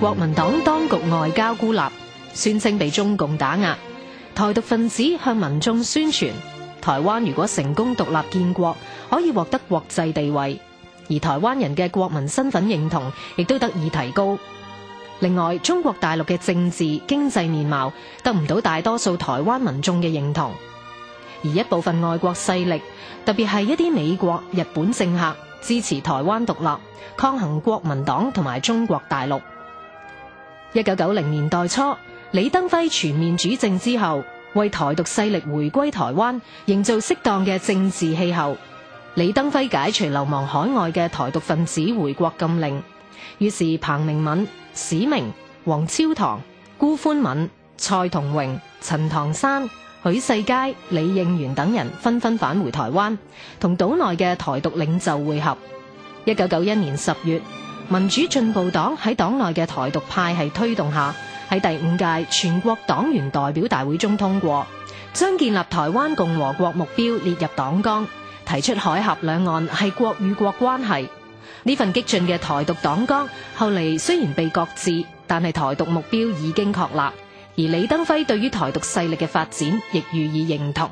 國民黨當局外交孤立，宣稱被中共打壓。台獨分子向民眾宣傳，台灣如果成功獨立建國，可以獲得國際地位，而台灣人嘅國民身份認同亦都得以提高。另外，中國大陸嘅政治經濟面貌得唔到大多數台灣民眾嘅認同，而一部分外國勢力，特別係一啲美國、日本政客支持台灣獨立，抗衡國民黨同埋中國大陸。一九九零年代初，李登輝全面主政之後，為台獨勢力回歸台灣營造適當嘅政治氣候。李登輝解除流亡海外嘅台獨分子回國禁令，於是彭明敏、史明、黃超堂、辜寬敏、蔡同榮、陳唐山、許世佳、李應元等人紛紛返回台灣，同島內嘅台獨領袖會合。一九九一年十月，民主進步黨喺黨內嘅台獨派系推動下，喺第五屆全國黨員代表大會中通過，將建立台灣共和國目標列入黨綱，提出海峽兩岸係國與國關係。呢份激進嘅台獨黨綱後嚟雖然被擱置，但係台獨目標已經確立，而李登輝對於台獨勢力嘅發展亦予以認同。